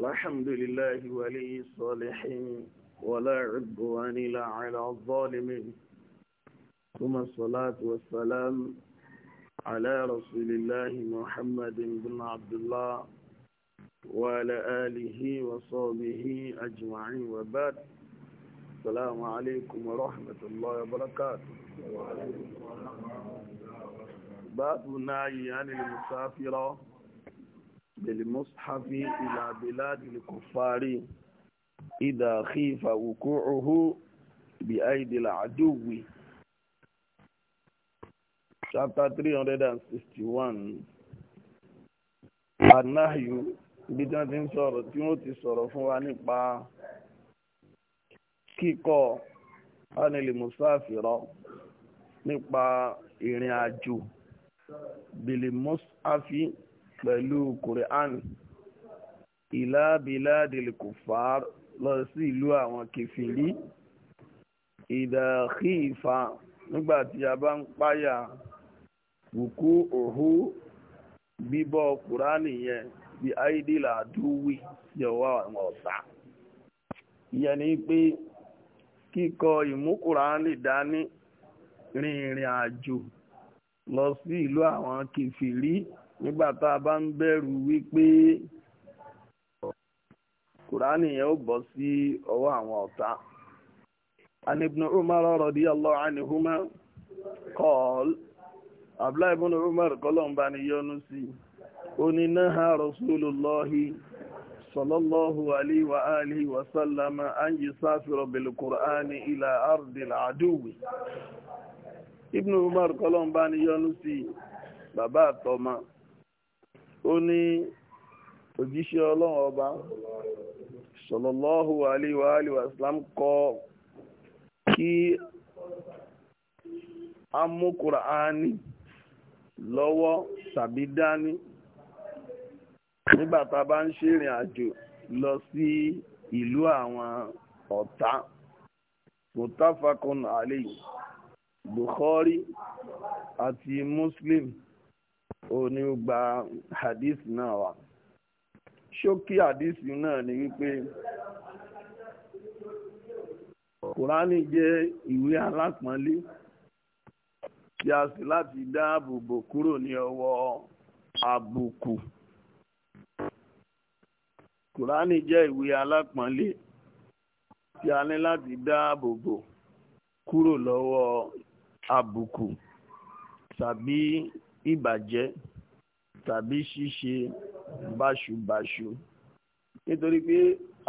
الحمد لله ولي الصالحين ولا عدوان إلا على الظالمين ثم الصلاة والسلام على رسول الله محمد بن عبد الله وعلى آله وصحبه أجمعين وبعد السلام عليكم ورحمة الله وبركاته باب ناهي عن المسافرة بالمصحف إلى بلاد الكفار إذا خيف وقوعه بأيدي العدو chapter 361 anahyu ibi tí wọ́n ti ń sọ̀rọ̀ tí wọ́n ti sọ̀rọ̀ fún wa nípa kíkọ́ anil musafiro nípa ìrìn àjò bilimusafi pẹ̀lú Quran ìlà biladil kufar lọ sí ìlú àwọn kẹfìrí ìdàkí ìfà nígbà tí a bá ń páyà wùkú òhú bíbọ́ Kùránì yẹn bí áìdílà àdúwì sí ọwọ́ àwọn ọ̀tá ìyẹn ni pé kíkọ ìmú Kùránì dání rin àjò lọ sí ìlú àwọn kẹfìrí nígbà tá a bá ń bẹ̀rù wípé kùránì yẹn ó bọ́ sí ọwọ́ àwọn ọ̀tá. an ibn umar radiyallahu anhuma qal abdullahi Ibnu umar kọ́lọ́mbà ni yọnu sí onínàhà rasulullahi sallallahu alaihi wa alihi wa sallama an yusafira bil qur'ani ila ardil aduwi Ibnu umar kọ́lọ́mbà ni yọnu sí bàbá àtọmọ ó ní òjíṣẹ́ ọlọ́run ọba sọ̀lọ́lọ́hù aléwà aléwà islam kọ kí a mú kùránì lọ́wọ́ tàbí dání nígbà tá a bá ń ṣèrìn àjò lọ sí ìlú àwọn ọ̀tá mutafakun Ali bukhari àti muslim òní gba hadith náà wá ṣókí hadith náà ni wípé kùránì jẹ́ ìwé alápọ̀nlé tí a sì láti dáàbò bò kúrò ní ọwọ́ àbùkù kùránì jẹ́ ìwé alápọ̀nlé tí a ní láti dáàbò bò kúrò lọ́wọ́ àbùkù tàbí ìbàjẹ́ tàbí ṣíṣe báṣubàṣu nítorí pé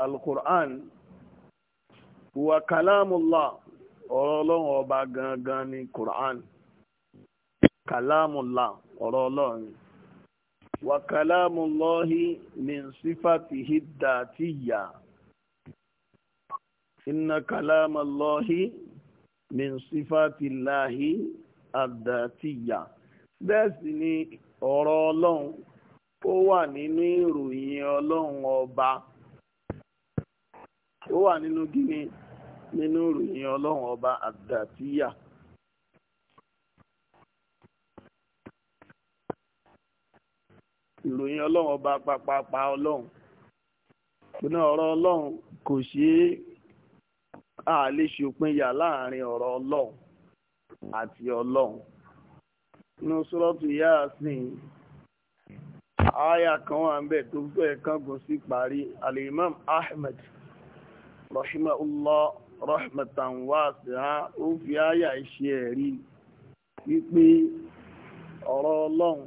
alukur'an wa kalamullah ọ̀rọ̀ ọlọ́run ọba gangan ni kur'an kalamullah ọ̀rọ̀ ọlọ́run wa kalamullahi min sifatihi dàtíyà inna kalamallahi min sifatillahi àdàtíyà. bẹ́ẹ̀ ni ọ̀rọ̀ ọlọ́run ó wà nínú ìròyìn ọlọ́run ọba ó wà nínú gíní nínú ìròyìn ọlọ́run ọba àdàtíyà. ìròyìn ọlọ́run ọba pàpàpà ọlọ́run ìpínlẹ̀ ọ̀rọ̀ ọlọ́run kò ṣeé a lè ṣòpin yà láàrin ọ̀rọ̀ ọlọ́run àti ọlọ́run. nínú sọ́rọ́tù Yásìn àyà kan wà ń bẹ̀ tó fẹ́ kángun sí parí alimam Ahmed rahimahullah rahmatan wasi'a ó fi àyà iṣẹ́ ẹ̀rí wípé ọ̀rọ̀ ọlọ́run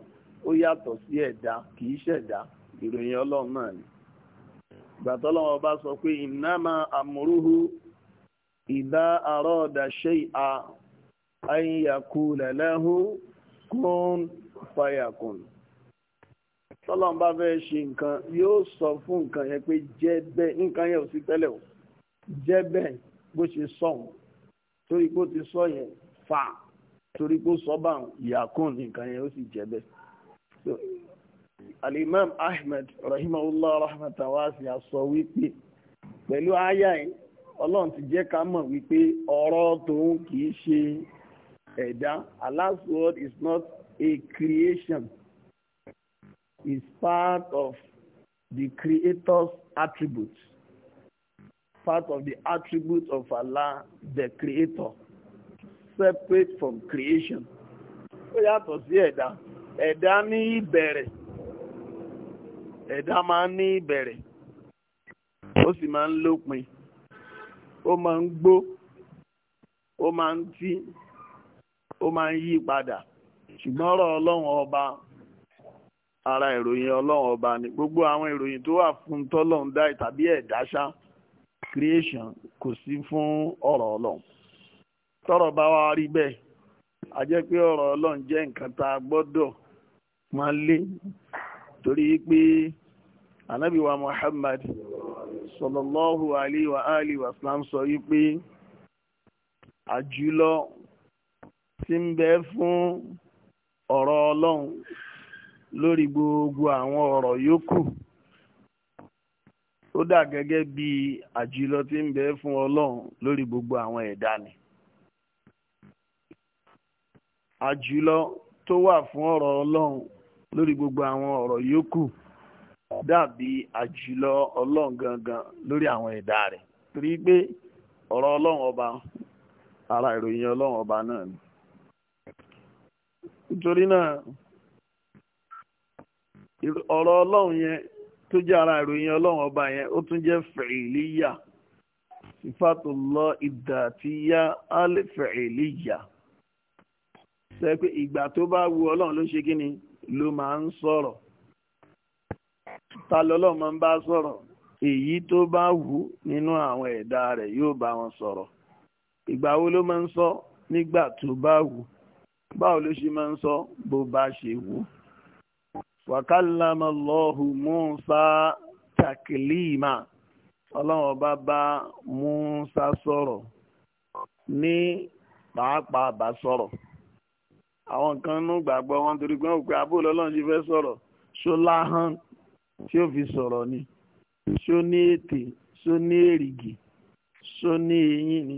ó yàtọ̀ sí ẹ̀dá kìí ṣẹ̀dá ìròyìn ọlọ́run náà ni gbàtọ́lọ́wọ́ bá sọ pé innama amruhu idha arada shay'an an yaqula lahu kún fàyà kún tọ́lọ́n bá fẹ́ ṣe nǹkan yóò sọ fún nǹkan yẹn pé jẹ́ bẹ́ẹ̀ nǹkan yẹn ò sí tẹ́lẹ̀ o jẹ́ bẹ́ẹ̀ bó ṣe sọ sọ̀hún torí pé ó ti sọ yẹn fà torí pé ó sọ bá ìyàkùn nìkan yẹn ó sì jẹ́ bẹ́ẹ̀. alimam ahmed rahimahullah rahmatan wasi sọ wípé pẹ̀lú àyà yìí ọlọ́run ti jẹ́ ká mọ̀ wípé ọ̀rọ̀ tòun kì í ṣe ẹ̀dá. Allah's word is not a creation. It's part of the creator's attributes. Part of the attributes of Allah, the creator, separate from creation. Ó yàtọ̀ sí ẹ̀dá. Ẹ̀dá ní ìbẹ̀rẹ̀. Ẹ̀dá máa ń ní ìbẹ̀rẹ̀. Ó sì máa ń lópin. Ó máa ń gbó. Ó máa ń tí. ó máa ń yí padà ṣùgbọ́n ọ̀rọ̀ ọlọ́run ọba ara ìròyìn ọlọ́run ọba ni gbogbo àwọn ìròyìn tó wà fún tọ́lọ́run dá tàbí ẹ̀dáṣá creation kò sí fún ọ̀rọ̀ ọlọ́run tọ́rọ̀ bá wá rí bẹ́ẹ̀ a jẹ́ pé ọ̀rọ̀ ọlọ́run jẹ́ nǹkan tá a gbọ́dọ̀ máa lé torí pé anábìwa Muhammad sallallahu alayhi wa alihi wa sallam sọ wípé àjùlọ tí ń bẹ fún ọ̀rọ̀ ọlọ́run lórí gbogbo àwọn ọ̀rọ̀ yòókù ó dà gẹ́gẹ́ bí àjùlọ tí ń bẹ fún ọlọ́run lórí gbogbo àwọn ẹ̀dá ni. àjùlọ tó wà fún ọ̀rọ̀ ọlọ́run lórí gbogbo àwọn ọ̀rọ̀ yòókù dàbí àjùlọ ọlọ́run gangan lórí àwọn ẹ̀dá rẹ̀ torí pé ọ̀rọ̀ ọlọ́run ọba ara ìròyìn ọlọ́run ọba náà ni. nítorí náà ọ̀rọ̀ ọlọ́run yẹn tó jẹ́ ara ìròyìn ọlọ́run ọba yẹn ó tún jẹ́ fẹ̀ẹ́líyà ìfàtòlọ́ ìdàtíyá alẹ́fẹ̀ẹ́líyà sẹ́ pé ìgbà tó bá wu ọlọ́run ló ṣe kí ló máa ń sọ̀rọ̀ ta lọ́lọ́run máa ń bá sọ̀rọ̀ èyí tó bá wù nínú àwọn ẹ̀dá rẹ̀ yóò bá wọn sọ̀rọ̀ ìgbà wo ló máa ń sọ nígbà tó bá wù báwo ló ṣe máa ń sọ bó bá ṣe wù ú. wàkàlámà lọ́hù Mùsá takilima ọlọ́run ọba bá Mùsá sọ̀rọ̀ ní pàápàá bá sọ̀rọ̀ àwọn kan nú gbàgbọ́ wọn torí pé wọn pé abúlé ọlọ́run ti fẹ́ sọ̀rọ̀ ṣó hàn! tí ó fi sọ̀rọ̀ ni ṣó ní ètè ṣó ní èrìgì ṣó ní eyín ni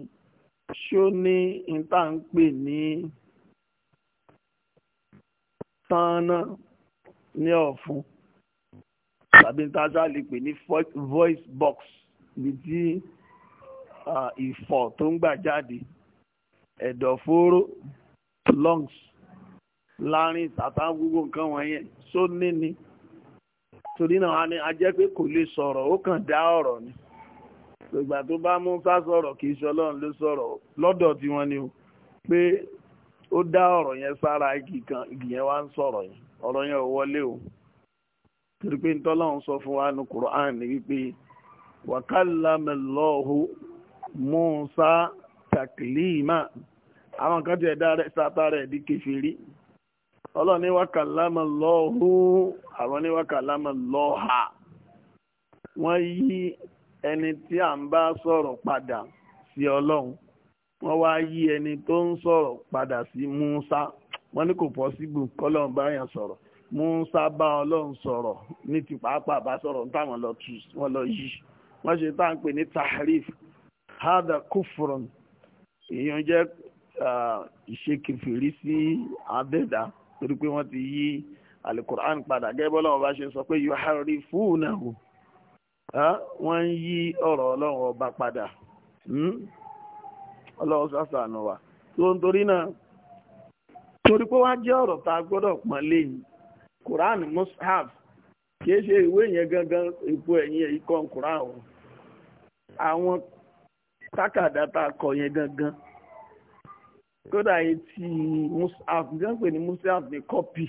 ṣó ní ìtàǹpè ní. tánná ní ọ̀fun tàbí táṣà lè pè ní voice box ibi tí ìfọ̀ tó ń gbà jáde ẹ̀dọ̀fóró lungs láàrin tàtà gbogbo nǹkan wọ̀nyẹn só níní torí náà a ní a jẹ́ pé kò lè sọ̀rọ̀ ó kàn dá ọ̀rọ̀ ni ìgbà tó bá Mùsá sọ̀rọ̀ kì í ṣe Ọlọ́run ló sọ̀rọ̀ lọ́dọ̀ tiwọn ni o pé ó dá ọ̀rọ̀ yẹn sára igi kan igi yẹn wá ń sọ̀rọ̀ yẹn ọ̀rọ̀ yẹn ò wọlé o torí pé sọ fún wa Qur'an wípé Musa taklima àwọn kan ti ẹ̀dá rẹ̀ rẹ̀ di kẹfìrí àwọn ni wọ́n yí ẹni tí à ń wọ́n wá yí ẹni tó ń sọ̀rọ̀ padà sí Musa wọ́n ní kò pọ́síbù kọ́lọ́n bá yàn sọ̀rọ̀ Musa bá ọlọ́run sọ̀rọ̀ ní ti pàápàá bá sọ̀rọ̀ táwọn lọ tù wọ́n lọ yí wọ́n ṣe tá à ń pè ní tahrif hada kufurun èèyàn jẹ́ ìṣekèfèrí sí abẹ́dá torí pé wọ́n ti yí alukur'an padà gẹ́gẹ́ bọ́lá wọn bá ṣe sọ pé yuharrifunahu wọ́n ń yí ọ̀rọ̀ ọlọ́run ọba padà hmm? ọlọ́wọ́ sàṣà àná wa tó ń torí náà torí pé wàá jẹ́ ọ̀rọ̀ tá a gbọ́dọ̀ pọ́n léyìn Quran mushaf kìí ṣe ìwé yẹn gangan ipò ẹ̀yìn èyí kan Quran o àwọn tákàdá tá a kọ yẹn gangan kódà yìí ti mushaf gan pè ní mushaf ní kọ́pì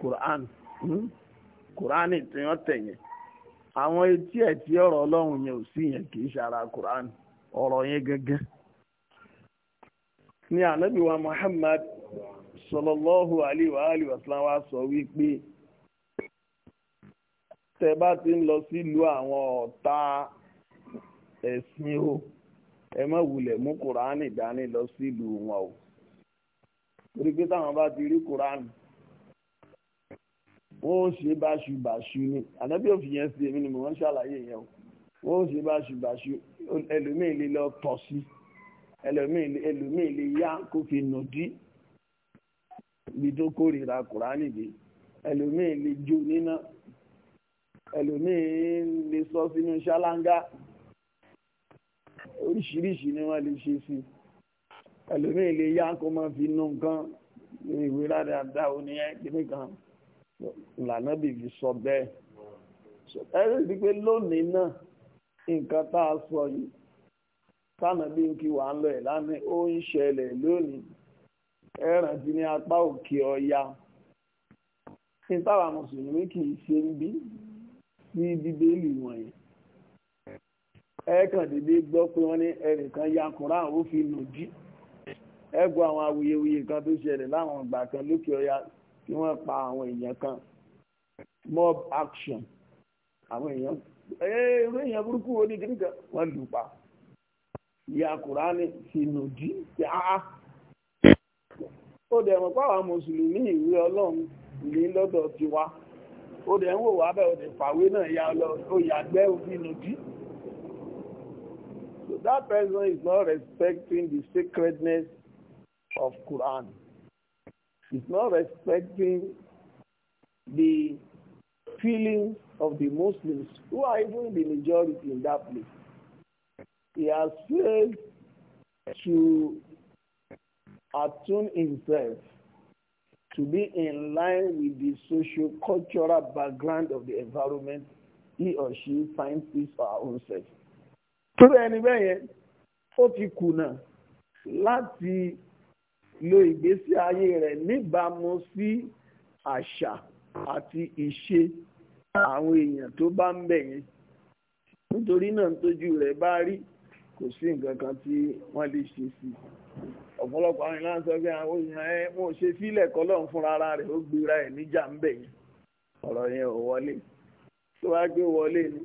Quran hmm? Quran tí wọ́n tẹ̀ yẹn àwọn etí ẹ̀ tí ọ̀rọ̀ ọlọ́run yẹn ò sí yẹn kì í ṣe ara Quran ọ̀rọ̀ yẹn gangan. ní ànábìwá Muhammad sọlọ́lọ́hù aléwàálì wàsíláwà sọ wípé tẹ bá ti ń lọ sílùú àwọn ọ̀tá ẹ̀sìn o ẹ má wulẹ̀ mú kùránì dání lọ sílùú wọn o torí pé táwọn bá ti rí kùránì wọ́n ó ṣe báṣubàṣu ni ànábì òfìyẹn sí èmi ni mò ń ṣàlàyé yẹn o wọ́n ó ṣe báṣubàṣu ẹlòmíín lè tọ̀ sí i ẹlòmíì lè yá kó fi nùdí ibi tó kórìíra kùránì dé ẹlòmíì lè jó níná ẹlòmíì lè sọ sínú ṣáláńgá oríṣiríṣi ni wọ́n lè ṣe sí ẹlòmíì lè yá kó máa fi nù nǹkan ìwé dáadáa oníyẹn kìíní kan ìlànà bìbí sọ bẹ́ẹ̀ ẹ̀rí rí i pé lónìí náà nǹkan tá a sọ yìí tánà bí n kí wà ń lọ ẹ̀ lánàá ó ń ṣẹlẹ̀ lónìí ẹ̀ràn ti ní apá òkè ọya ní táwa mùsùlùmí kì í ṣe ń bí sí bíbélì wọ̀nyí ẹ̀ẹ̀kan dédé gbọ́ pé wọ́n ní ẹnìkan ya Kùránì ó fi nù jí ẹ gbọ́ àwọn awuyewuye kan tó ṣẹlẹ̀ láwọn ìgbà kan lókè ọya kí wọ́n pa àwọn èèyàn kan mob action àwọn èèyàn ẹ̀ẹ́rọ èèyàn burúkú oníkìníkan wọ́n lù pa ìyá kùránì sínúdí pé áá ah, ah. ó dẹ̀ mọ̀ pàwà mùsùlùmí ìwé ọlọ́run ní lọ́dọ̀ tiwa ó dẹ̀ ń wò wá bẹ́ẹ̀ ó fàwé náà ya ó yàgbẹ́ sínúdí so that person is not respecting the sacredness of Quran is not respecting the feelings of the Muslims who are even the majority in that place he has failed to attune himself to be in line with the socio-cultural background of the environment he or she finds peace for her own self. Tóbi ẹni bẹ́ẹ̀ yẹn, ó ti kùnà láti lo ìgbésí ayé rẹ̀ níbàámu sí àṣà àti ìṣe àwọn èèyàn tó bá ń bẹ̀ yẹn. Nítorí náà tójú rẹ̀ bá rí kò sí nǹkan kan tí wọ́n lè ṣe sí ọ̀pọ̀lọpọ̀ àwọn ìlànà sọ pé àwọn èèyàn ẹ wọn ò ṣe sílẹ̀ kọlọ́run fúnra ara rẹ̀ ó gbéra ẹ̀ níjà ń bẹ̀ yẹn ọ̀rọ̀ yẹn ò wọlé tó wá gbé wọlé ni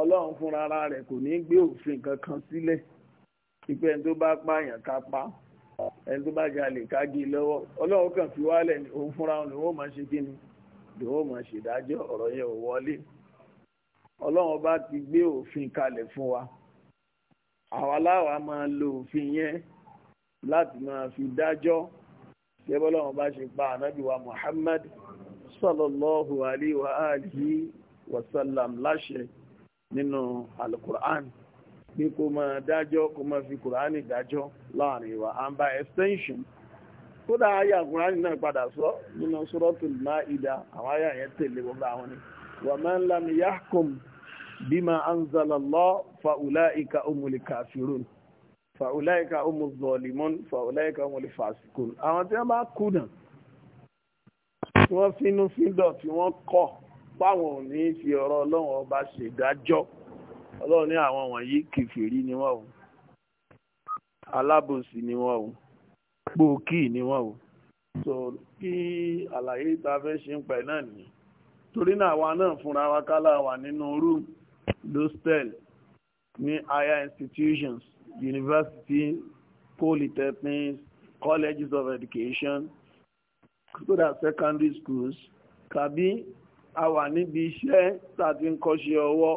ọlọ́run fúnra ara rẹ̀ kò ní gbé òfin kankan sílẹ̀ ìpè ẹni tó bá pààyàn ká pa ẹni tó bá jalè ká gé lọ́wọ́ ọlọ́run kàn fi wálẹ̀ ni òun fúnra òun ni wọ́n máa ṣe kí ni ni wọ́n máa ṣèdájọ́ ọ̀rọ̀ yẹn ò wọlé ọlọ́run ọba ti gbé òfin kalẹ̀ fún wa àwa láwa máa lo òfin yẹn láti máa fi dájọ́ ṣẹ́bọ́lọ́run bá ṣe pa ànábì wa Muhammad sallallahu alayhi wa alihi wa sallam láṣẹ nínú alukur'an ní kó máa dájọ́ kó máa fi kùránì dájọ́ láàrin wa and by extension kódà ayé àkùránì náà padà sọ nínú suratul Maida àwọn ayé àyẹn gbogbo àwọn ni. ومن لم يحكم بما أنزل الله فأولئك هم الكافرون فأولئك هم الظالمون فأولئك هم الفاسقون àwọn tí wọ́n bá kùnà tí wọ́n fínú fíndọ̀ tí wọ́n kọ̀ páwọn ò ní fi ọ̀rọ̀ ọlọ́run ọba ṣèdájọ́ ọlọ́run ní àwọn wọ̀nyí kìfìrí ni wọ́n o alábòsí ni wọ́n o pòkì ni wọ́n o so kí àlàyé tá a fẹ́ ṣe ń pẹ̀ náà nìyẹn torí náà àwa náà fúnra wa kálá wà nínú room dostel ní higher institutions university polytechnics colleges of education so secondary schools tàbí a wà níbi iṣẹ́ tá a ti ń kọ́ṣẹ́ ọwọ́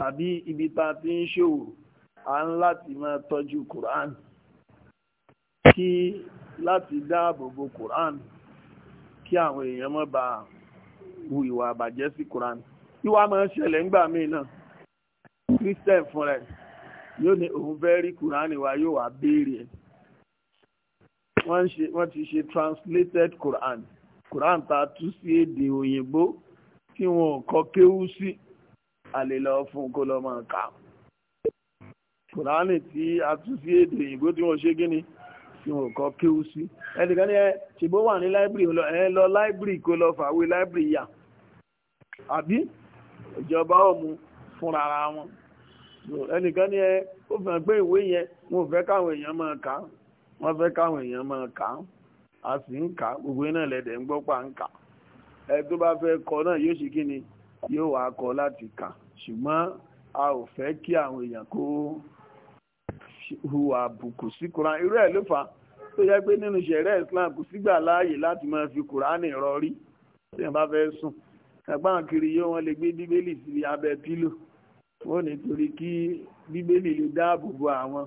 tàbí ibi tá a ti ń ṣòwò a ń láti máa tọ́jú Quran kí láti dáàbò bo Quran kí àwọn èèyàn má bàa hu ìwà àbàjẹ́ sí Quran ìwà máa ń ṣẹlẹ̀ ńgbà míì náà Christian fún rẹ̀ yóò ní òun fẹ́ rí Quran wa yóò wá béèrè wọ́n ti ṣe translated Quran Quran ta tú sí èdè òyìnbó tí wọn ò kọ kéwú sí àlè lọ fún kó lọ máa kà Quran tí a tú sí èdè òyìnbó tí wọn ṣe gíní tí wọn kọ́ kéwú sí ẹnìkan ní ẹ ṣìbó wà ní láìbírì ẹ lọ láìbírì kó lọ fàwé láìbírì yà àbí ìjọba ò mú fúnra wọn ẹnìkan ní ẹ ó fẹ́ pé ìwé yẹn wọn ò fẹ́ káwọn èèyàn máa kà á wọ́n fẹ́ káwọn èèyàn máa kà á a sì ń kà gbogbo iná lẹ́dẹ̀ ń gbọ́ pa ń kà ẹ tó bá fẹ́ kọ náà yóò ṣe kí ni yóò wá kọ láti kà ṣùgbọ́n a ò fẹ́ kí àwọn èèyàn kó hùwà àbùkù sí Quran irú ẹ̀ ló fà á tó yẹ pé nínú ṣẹ̀rẹ́ Islam kò sígbà láàyè láti máa fi Quran rọrí tí wọ́n bá fẹ́ sùn ẹ̀gbọ́n kiri yóò wọ́n lè gbé bíbélì sí abẹ́ pílò wọ́n nítorí kí bíbélì lè dáàbò bo àwọn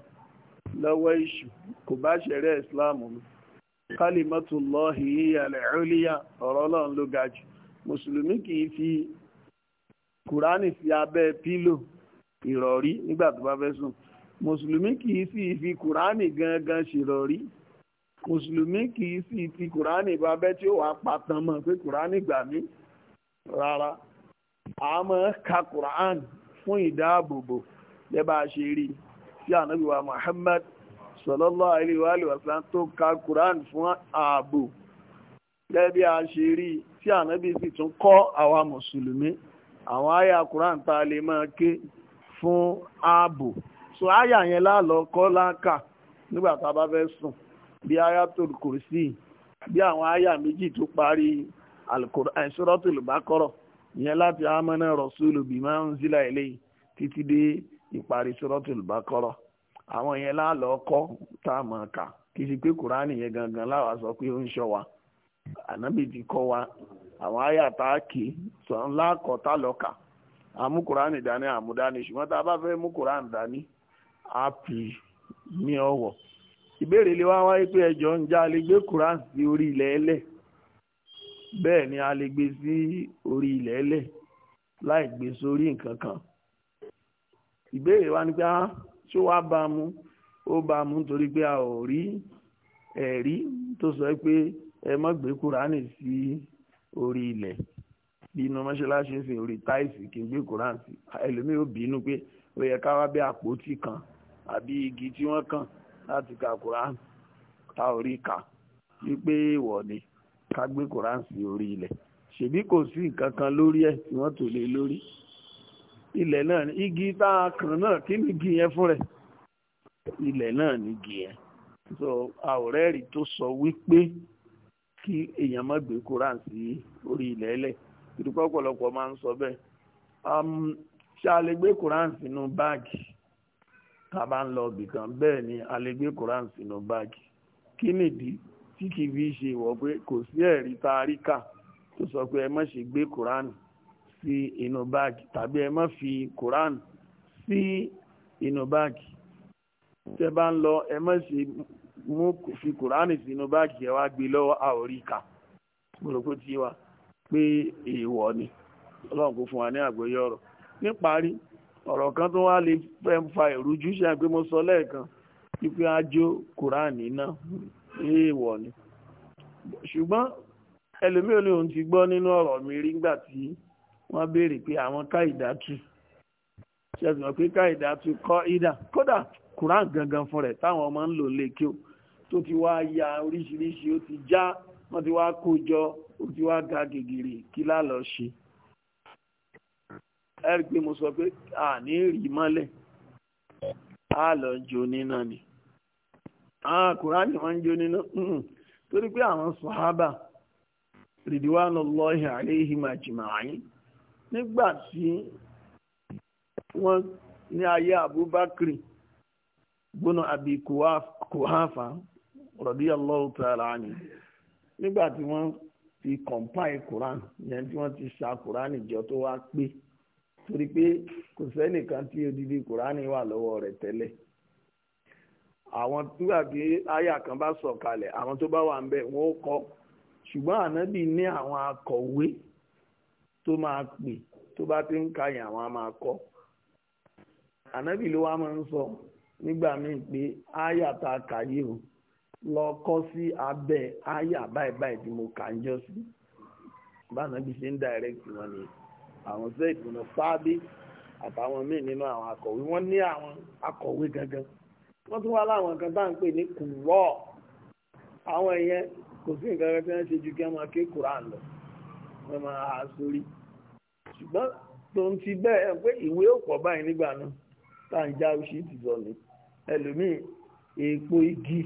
lọ́wọ́ ìṣù kò bá ṣẹ̀rẹ́ Islam mu kálímọ́tò lọ́ọ̀hì àlẹ́ọ́líyà ọ̀rọ̀ ọlọ́run ló ga jù mùsùlùmí kì í fi kùránì sí abẹ́ pílò ìrọ̀rí nígbà tó bá fẹ́ sùn mùsùlùmí kìí sì fi kùránì gangan ṣèrọ̀rí mùsùlùmí kìí sì fi kùránì babẹ́ tí ó wàá patan mọ̀ pé kùránì gbà mí rárá a máa ka kùránì fún ìdáàbòbò lẹ́bàá ṣe rí sí ànábì wa Muhammad sallallahu alaihi wa alihi wasallam tó ka kùránì fún ààbò lẹ́bí a ṣe rí tí ànábì sì tún kọ́ àwa mùsùlùmí àwọn àyà kùránì tá a lè máa ké fún ààbò so àyà yẹn lálọ́ kọ́ láǹkà nígbà tá a bá fẹ́ sùn bí ayatul kursi bí àwọn àyà méjì tó parí alukur'an suratul baqara ìyẹn láti amana rasulu bima unzila ilayhi títí dé ìparí suratul baqara àwọn yẹn lálọ́ kọ́ tá a mọ̀ ká kì í ṣe pé kùránì yẹn gangan láwa sọ pé ó ń ṣọ́ wa ànábì ti kọ́ wa àwọn àyà tá a kì í sọ ńlá kọ́ tá lọ́ka àmú dání àmúdání ṣùgbọ́n tá a bá fẹ́ mú kùránì dání api ní ọ̀wọ̀ ìbéèrè lè wá wáyé pé ẹjọ ń já lè gbé Quran sí orí ilẹ̀ ẹlẹ̀ bẹ́ẹ̀ ni a lè gbé sí orí ilẹ̀ ẹlẹ̀ láì gbé sórí nǹkan kan ìbéèrè wa ni pé á ṣó wá bá mu ó bá mu nítorí pé a ò rí ẹ̀rí tó sọ pé ẹ má gbé Kúránì sí orí ilẹ̀ bínú mọ́ṣáláṣí ń sin orí táìsì kí n gbé Kúránì sí ẹlòmíì bínú pé ó yẹ ká wá bí àpótí kan àbí igi tí wọ́n kàn láti ka quran ta orí ka wípé ìwọ ni ká gbé quran sí orí ilẹ̀ ṣèbí kò sí nǹkan kan lórí ẹ̀ tí wọ́n tò lé lórí ilẹ̀ náà ni igi tá a kàn náà kí ni igi yẹn fún rẹ̀ ilẹ̀ náà ni igi yẹn so àwòrán ẹ̀rí tó sọ wípé kí èèyàn má gbé quran sí orí ilẹ̀ ẹlẹ̀ ìdúpọ̀ ọ̀pọ̀lọpọ̀ máa ń sọ bẹ́ẹ̀ um, ṣá lè gbé quran sínú báàgì tá a bá ń lọ ibì bẹ́ẹ̀ ni a Quran gbé koran sínú báàgì kí nìdí tí kì í fi ṣe ìwọ pé kò sí ẹ̀rí tá a rí kà tó sọ pé ẹ má ṣe gbé koran sí inú báàgì tàbí ẹ má fi koran sí inú báàgì tẹ́ bá ń lọ ẹ má ṣe mú fi koran sínú báàgì ẹ wá gbé e lọ́wọ́ a ò rí kà gbòdògbò tí wa pé èèwọ̀ ni ọlọ́run kò fún wa ní àgbọ́yé ọ̀rọ̀ níparí ọ̀rọ̀ kan tó wá lè fẹ́ eh, fa ìrújú ṣe pé mo sọ lẹ́ẹ̀kan wípé ajó kùránì náà èèwọ̀ ni ṣùgbọ́n ẹlòmíì ni òun ti gbọ́ nínú ọ̀rọ̀ mi rí nígbà tí wọ́n béèrè pé àwọn káìdátù ṣẹ̀sìn pé káìdátù kọ́ ìdá kódà kùrán gangan fún rẹ̀ táwọn ọmọ ń lò lékè tó ti wá ya oríṣiríṣi ó ti já wọ́n ti wá kó jọ ó ti wá ga gègèrè kí lálọ́ ṣe ẹ̀rí pé mo sọ pé a ní rí mọ́lẹ̀ a lọ jó níná ni Kùránì wọ́n ń jó torí pé àwọn sọ̀hábà ridwanullahi alaihim ajma'in nígbà tí wọ́n ní ayé Abubakar gbóná àbí Kuhafa radiyallahu ta'ala anhu nígbà tí wọ́n ti compile Quran yẹn tí wọ́n ti sa Quran ìjọ tó wá pé torí pé kò sẹ́nìkan tí odidi kùránì wà lọ́wọ́ rẹ̀ tẹ́lẹ̀ àwọn túgbà bí àyà kan bá sọ̀ kalẹ̀ àwọn tó bá wà ń bẹ̀ wọ́n kọ́ ṣùgbọ́n ànábì ní àwọn akọ̀wé tó máa pè tó bá ti ń ka yẹn àwọn a máa kọ́ ànábì ló wá máa ń sọ nígbà míì pé àyà tá o lọ kọ́ sí abẹ́ àyà báyìí báyìí tí mo kà ń jọ sí bá ànábì ṣe ń dàrẹ́kì wọn nìyẹn. àwọn zayd bin sábì àtàwọn míì nínú àwọn akọ̀wé wọ́n ní àwọn akọ̀wé gangan wọ́n tún wá láwọn kan tá à ń pè ní kùrọ̀ àwọn ìyẹn kò sí nǹkan kan tí wọ́n ṣe ju kí wọ́n máa ké kùrán lọ wọ́n máa há sórí ṣùgbọ́n tó ń ti bẹ́ẹ̀ pé ìwé ò pọ̀ báyìí nígbà náà tá à ń já oṣù ìtìjọ ni ẹlòmíì èèpo igi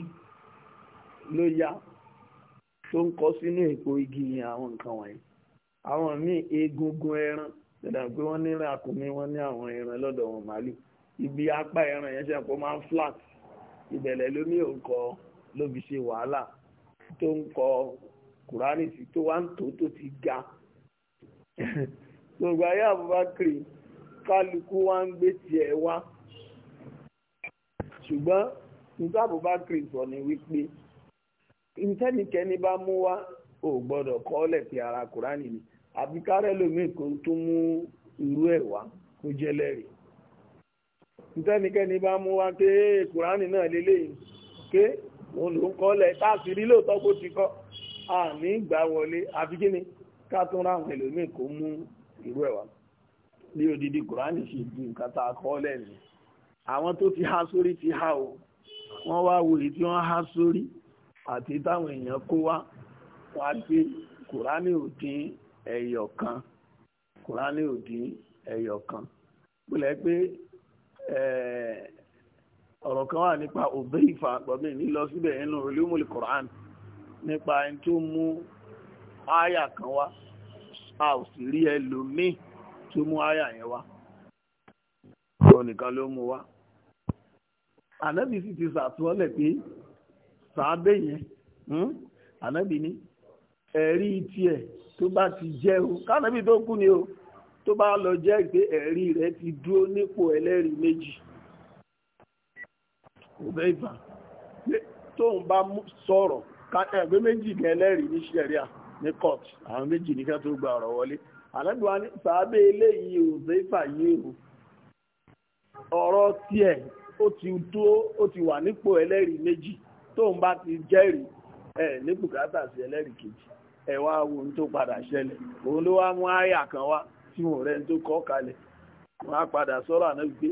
ló ya tó ń kọ sínú èèpo igi yẹn àwọn nǹkan wọ̀nyí àwọn míì egungun ẹran dàdà pé wọ́n ní ràkúnmí wọ́n ní àwọn ẹran lọ́dọ̀ wọn màálù ibi apá ẹran yẹn ṣe pé máa ń flat ìbẹ̀lẹ̀ lómi òǹkọ ló fi ṣe wàhálà tó ń kọ kùránì sí tó wá ń tó tó ti ga gbogbo ayé àbúbákiri kálukú wá ń gbé tiẹ̀ wá ṣùgbọ́n nígbà àbúbákiri sọ ni wípé ìtẹ́nikẹ́ni bá mú wá ò gbọ́dọ̀ kọ́lẹ̀ fi ara kùránì ni àbí kárẹ́ lómi kò tó mú irú ẹ̀ wá kó jẹ́ lẹ́rìí nítẹ́nikẹ́ni bá mú wá pé kùránì náà lélẹ́yìn pé òun ló ń kọ́lẹ̀ táàsì rí lóòótọ́ kó ti kọ́ àmì ìgbà wọlé àfi kí ni ká tún ráhùn ẹlòmíì kó mú irú ẹ̀ wá ní odidi kùránì ṣe di nǹkan tá a kọ́lẹ̀ ni àwọn tó ti há sórí ti há o wọ́n wá wo èyí tí wọ́n há sórí àti táwọn èèyàn kó wá wọ́n á dín kùránì ò dín ẹyọ kan kùránì ò dín ẹyọ kan gbọ́dọ̀ pé ọ̀rọ̀ kan wà nípa òbẹ́ ìfàgbọ́mí nílọ síbẹ̀ nínú olúmọ̀lì koran nípa ẹni tó mú áyà kan wá a ò sì rí ẹlòmíì tó mú áyà yẹn wá òun nìkan ló mú wá ànábì sì ti sàtúnọ́lẹ̀ pé sàábẹ̀ yẹn hmm, ànábì ní ẹ̀rí tiẹ̀ tó bá ti jẹ́ o kánàbí tó kú ni o tó bá lọ jẹ́ pé ẹ̀rí rẹ̀ ti dúró nípò ẹlẹ́rìí méjì òbẹ́ ìbà tóun bá sọ̀rọ̀ ẹgbẹ́ méjì ní ẹlẹ́rìí ní ṣẹ̀ríà ní court àwọn méjì ní tó gba ọ̀rọ̀ wọlé àlẹ́gbẹ̀wá ní sàábẹ́ eléyìí òbẹ́ o ti dúró ó ti wà nípò ẹlẹ́rìí méjì tóun bá ti jẹ́rìí ẹ̀ ní bùkátà sí ẹlẹ́rìí ẹ̀wà wo tó padà ṣẹlẹ̀ òun ló wá mú àyà kan wá tí wọn rẹ̀ tó kọ́ kalẹ̀ wọn á padà sọ́rọ̀ àná gbé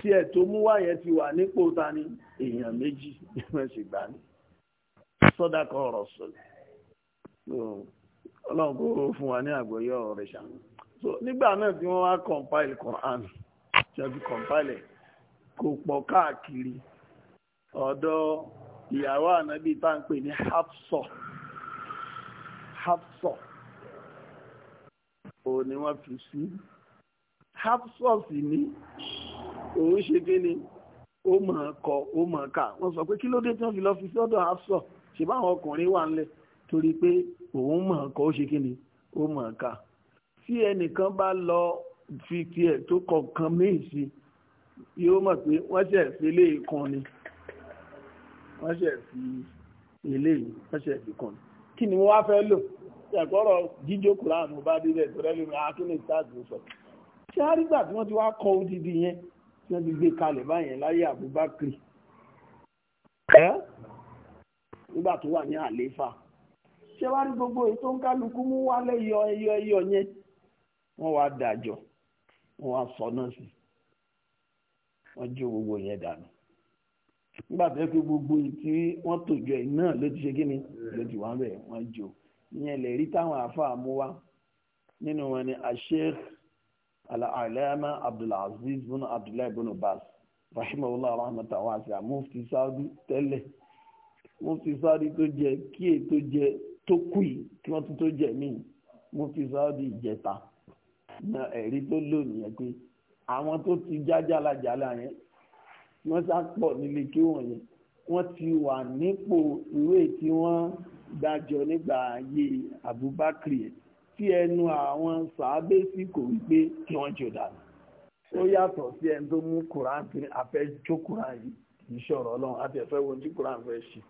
tí ẹ̀ tó mú wáyẹn ti wà nípò ta ni èèyàn méjì bí wọ́n ṣe gbà ní sọ́dà kan ọ̀rọ̀ sọ̀rọ̀ ọlọ́run kó fún wa ní àgbọ́yé ọ̀rọ̀ rẹ̀ ṣá so nígbà náà tí wọ́n wá compile Quran ṣẹ́bi compile kò pọ̀ káàkiri ọ̀dọ̀ ìyàwó ànábì tá à ń pè ní Hafsah hafsọ òun ni wọ́n fi sí hafsọ sì ní òun ṣe kí ni ó mọ̀ kọ ó mọ̀ ká wọ́n sọ pé kí ló dé tí wọ́n fi lọ fi sọ́dọ̀ hafsọ ṣe báwọn ọkùnrin wà ńlẹ̀ torí pé òun mọ̀ kọ ó ṣe kí ni ó mọ̀ ká tí ẹnìkan bá lọ fi tiẹ̀ tó kọ̀ọ̀kan míì sí yóò mọ̀ pé wọ́n ṣẹ̀ fi lé ìkan ni wọ́n ṣẹ̀ fi ilé yìí wọ́n ṣẹ̀ fi kan ni kí ni wọ́n wá fẹ́ lò ṣẹ̀kọ́rọ̀ jíjó kùránù bá délẹ̀ tó rẹ́lú akílẹ̀ stars ló sọ ṣé a rígbà tí wọ́n ti wá kọ odidi yẹn tí wọ́n ti gbé kalẹ̀ báyẹn láyé Abubakar ẹ́ nígbà tó wà ní àléfà ṣé wá rí gbogbo èyí tó ń kálukú mú wálé yọ ẹyọ ẹyọ yẹn wọ́n wá dàjọ́ wọ́n wá sọ náà sí wọ́n jó gbogbo yẹn dànù nígbà tó yẹ kó gbogbo èyí tí wọ́n tòjọ ẹ̀ náà ló ti ṣe kí ni ló ti wá bẹ̀ wọ́n jó ìyẹn lè rí táwọn àáfàá mú wá nínú wọn ni asheikh al-alama abdulaziz bin Abdulai bin bas rahimahullah rahmatan wasi'a mufti saudi tẹ́lẹ̀ mufti saudi tó jẹ kíyè tó jẹ tó kù yìí kí wọ́n tún tó jẹ míì mufti saudi ìjẹta na ẹ̀rí tó lò nìyẹn pé àwọn tó ti jájàlájàlá yẹn wọ́n sá pọ̀ nílé kí wọ́n yẹn wọ́n ti wà nípò ìwé tí wọ́n dájọ́ nígbà ayé Abubakar tí ẹnu àwọn sàábé sì kò wí pé kí wọ́n jò dànù ó yàtọ̀ sí ẹni tó mú Quran tí a fẹ́ jó Quran yìí kì í ṣọ̀rọ̀ Ọlọ́run àti ẹ̀fẹ́ wo tí Quran fẹ́ ṣe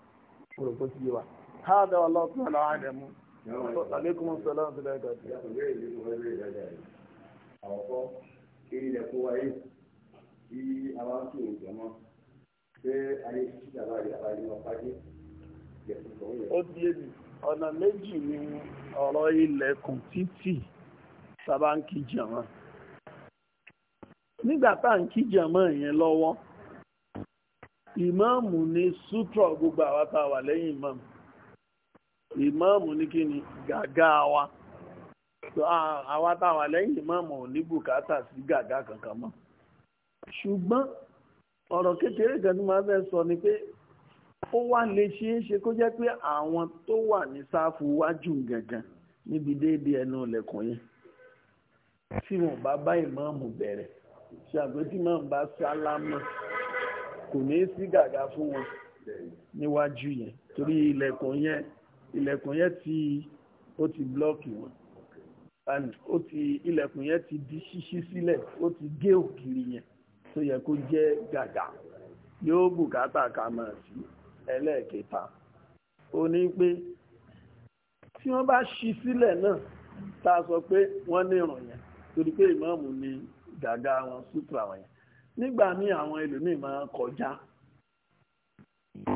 kúrò bó ti yé wa. هذا والله تعالى أعلم عليكم السلام ورحمة الله وبركاته Bí àwọn tó ń jẹ mọ́, ṣé ayé ṣíṣe àbáyé àbáyé ọ̀pá dé? ó di èmi ọ̀nà méjì ni ọ̀rọ̀ ilẹ̀kùn títì sábà ń kí jàmọ́ nígbà tá à ń kí jàmọ́ yẹn lọ́wọ́ ìmáàmù ni sútrọ̀ gbogbo àwa tá a wà lẹ́yìn ìmáàmù ìmáàmù ní kí ni gàgá wa àwa tá a wà lẹ́yìn ìmáàmù ò ní bùkátà sí gàgá kankan mọ́ ṣùgbọ́n ọ̀rọ̀ kékeré kan tí màá fẹ́ sọ ni pé ó wá lè ṣeé ṣe kó jẹ́ pé àwọn tó wà ní sáfù wájú gangan níbi déédéé ẹnu ọ̀lẹ̀kùn yẹn tí wọn bá bá ìmáàmù bẹ̀rẹ̀ ṣàgbé tí máa ń bá sálámà kò ní sí gàgà fún wọn níwájú yẹn torí ilẹ̀kùn yẹn ilẹ̀kùn yẹn ti ó ti blọ́ọ̀kì wọn ó ti ilẹ̀kùn yẹn ti di ṣíṣí sílẹ̀ ó ti gé òkiri yẹn tó yẹ kó jẹ́ gàgà yóò bùkátà ká máa sí i ẹlẹ́ẹ̀kẹta ó ní pé tí wọ́n bá ṣí sílẹ̀ náà tá a sọ pé wọ́n ní ìrùn yẹn torí pé ìmáàmù ni gàgà wọn sútúrà wọn yẹn nígbà míì àwọn ẹlòmíì máa kọjá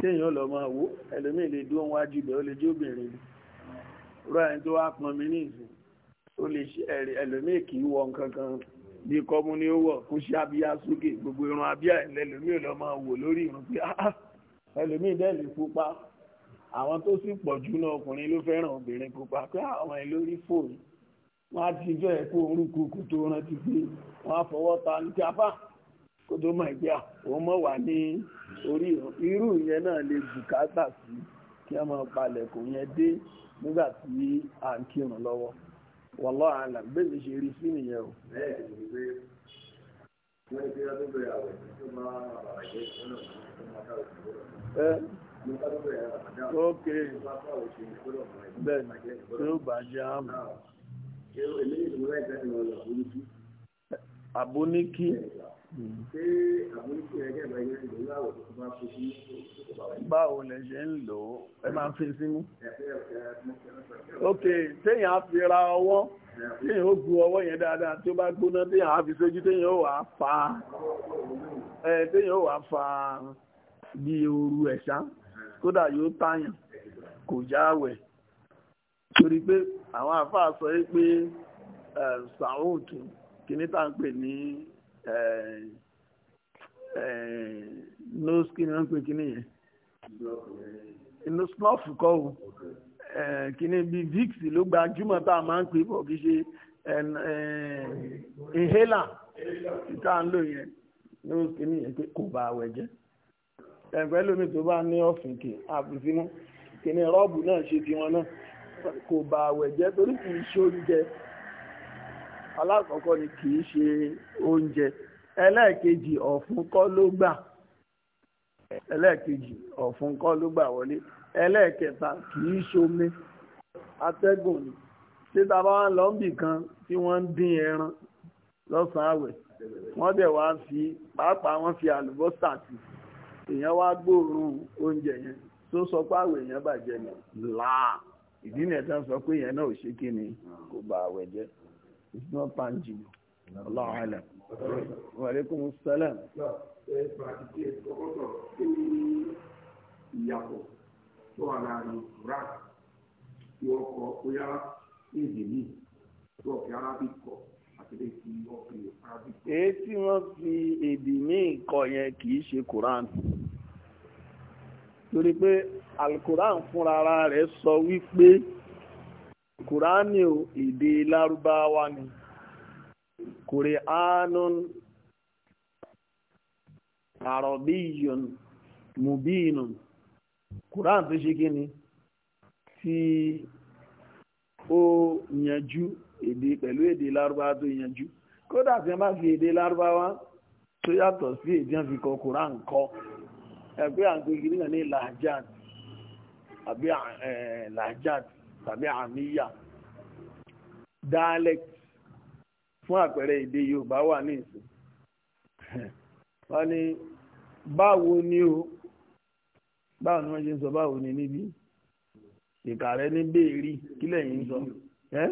téèyàn lọ máa wò ẹlòmíì lè dúró wájú ibẹ̀ ó lè jẹ́ obìnrin ni rọ ẹni tó wá pọn mi ní ìsìn ó lè ṣe ẹlòmíì kì í wọ nǹkan kan bí kọ́mú ni ó wọ̀ kó ṣe sókè gbogbo irun abíyá ẹlòmíì lọ máa wò lórí irun pé áá ẹlòmíì dẹ̀ lè pupa àwọn tó sì pọ̀ jù náà ọkùnrin ló fẹ́ràn obìnrin pupa pé àwọn ah, ẹ̀ lórí fóònù wọ́n á ti jọ ẹ̀ kó orú kúkú tó rántí pé wọ́n á fọwọ́ ta ní jápá kó tó mọ̀ ìgbé àwọn ah, ọmọ wà ní orí irú ìyẹn náà lè bùkátà sí kí wọ́n máa palẹ̀kùn yẹn dé nígbà tí à ń kírun lọ́wọ́ wọ́lọ́ àlà gbèsè ṣe rí sí nìyẹn o wọ́n ní kí wọ́n tó báwo lẹ ṣe ń lò ó ẹ máa fi sínú. ok téèyàn á fi ra ọwọ́. èèyàn ó gbu ọwọ́ yẹn dáadáa tí ó bá gbóná téèyàn á fi sójú téèyàn ó wàá fa ẹ téèyàn ó wàá fa bí ooru ẹ̀sá kódà yóò tààyàn kò jáwẹ̀ torí pé àwọn àfáà sọ pé saoud kìíní tá à ń pè ní nose kìíní wọ́n ń pè kìíní yẹn nose snuff kọ́ o. Eh, kíní bi vix ló gbajúmọ̀ tá a máa ń pè bọ̀ kì í ṣe eh, eh, inhaler tá a ń lò yẹn ní oṣù kìíní yẹn pé kò bá àwẹ̀ jẹ́ ẹ̀gbẹ́ lómi tó bá ní ọ̀fìnkì àbùsímú kìíní rọ́ọ̀bù náà ṣe tiwọn náà kò bá àwẹ̀ jẹ́ torí kì í ṣe oúnjẹ alákọ̀ọ́kọ́ ni kì í ṣe oúnjẹ ẹlẹ́ẹ̀kejì ọ̀fun kọ́ ló gbà ẹlẹ́ẹ̀kejì ọ̀fun kọ́ ló gbà wọlé ẹlẹ́ẹ̀kẹta kìí ṣomi atẹ́gùn ni ṣé ta bá wà lọ́ǹbì kan tí wọ́n ń dín ẹran lọ́sàn-án àwẹ̀ wọ́n dẹ̀ wá fi pàápàá wọ́n fi àlùbọ́sà tì èèyàn wá gbóòórùn oúnjẹ yẹn tó sọ pé àwẹ̀ èèyàn bàjẹ́ ni làá ìdí nìyẹn tó ń sọ pé yẹn náà ò ṣe kí ni kò bá àwẹ̀ jẹ́ it's not tangible Allah alam wa alaikum salam. ìyàpọ̀ tó wà láàrin ìkúrà tí wọ́n kọ bóyá èdè wọ́n fi tí wọ́n fi èdè míì kọ yẹn kì í ṣe koran torí pé alukoran fúnra rẹ̀ sọ wípé kùránì èdè lárúbáwá ni kùrì Quran tó ṣe kí ni tí ó yanjú èdè pẹ̀lú èdè lárúbáwá tó yanjú kódà tí wọ́n bá fi èdè lárúbáwá tó yàtọ̀ sí èdè wọn fi kọ Quran kọ ẹgbẹ́ àgbẹ̀ kìíní kan ní làjáde àbí làjáde tàbí àmìyà dialect fún àpẹẹrẹ èdè Yorùbá wà ní ìsìn wọ́n ní báwo ni o báwo ni wọ́n ṣe ń sọ báwo ni níbí ìkà rẹ ní béèrí kí lẹ́yìn ń sọ ẹ́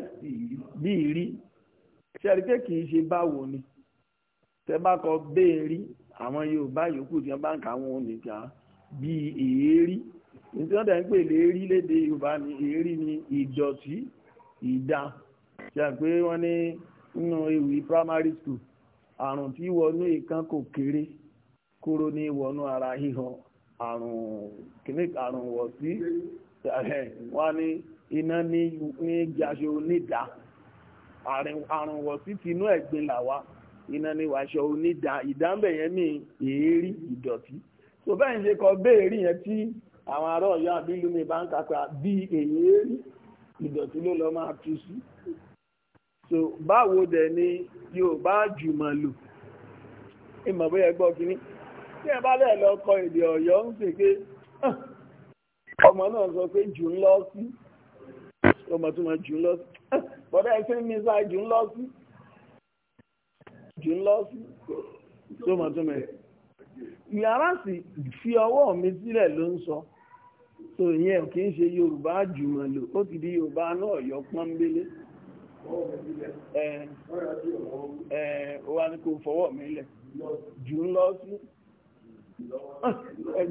bíìrí ṣẹ́rí pé kì í ṣe báwo ni tẹ bá kọ béèrí àwọn Yorùbá yòókù tí wọ́n bá ń kà wọn nìkà bíi èérí nítorí wọ́n dẹ̀ ń pè léèrí léde Yorùbá ni èérí ni ìdọ̀tí ìdá ṣe pé wọ́n ní nínú ewì primary school àrùn tí wọnú ìkan kò kéré kóró ní wọnú ara híhan àrùn kìnnìkì àrùn wọ̀ sí wọ́n ní iná ní jaṣọ onídàá àrùn wọ̀ sí tinú ẹ̀gbin làwa iná ní wàṣọ onídàá ìdámbẹ̀ yẹn ní èérí ìdọ̀tí tó bẹ́ẹ̀ ń ṣe kọ béèrè yẹn tí àwọn ará ọ̀yọ́ àbílùmí bá ń kápá bí èérí ìdọ̀tí ló lọ máa tú sí so báwo dẹ̀ ni yóò bá jùmọ̀ lò ìmọ̀ bóyá gbọ́ kínní tí ẹ bá lẹ̀ lọ kọ èdè ọ̀yọ́ ń pè pé ọmọ náà sọ pé jù ń lọ sí ọmọ tó máa jù ń lọ sí bọ́dá ẹ ti ń mísà jù ń lọ sí jù ń lọ sí tó máa tó mẹ́rin yàrá sì fi ọwọ́ mi sílẹ̀ ló ń sọ tó yẹn kì í ṣe Yorùbá jùmọ̀ lò ó ti di Yorùbá náà yọ pọ́nbélé ẹ̀ ẹ̀ ó wá ní fọwọ́ mi lẹ̀ jù ń lọ sí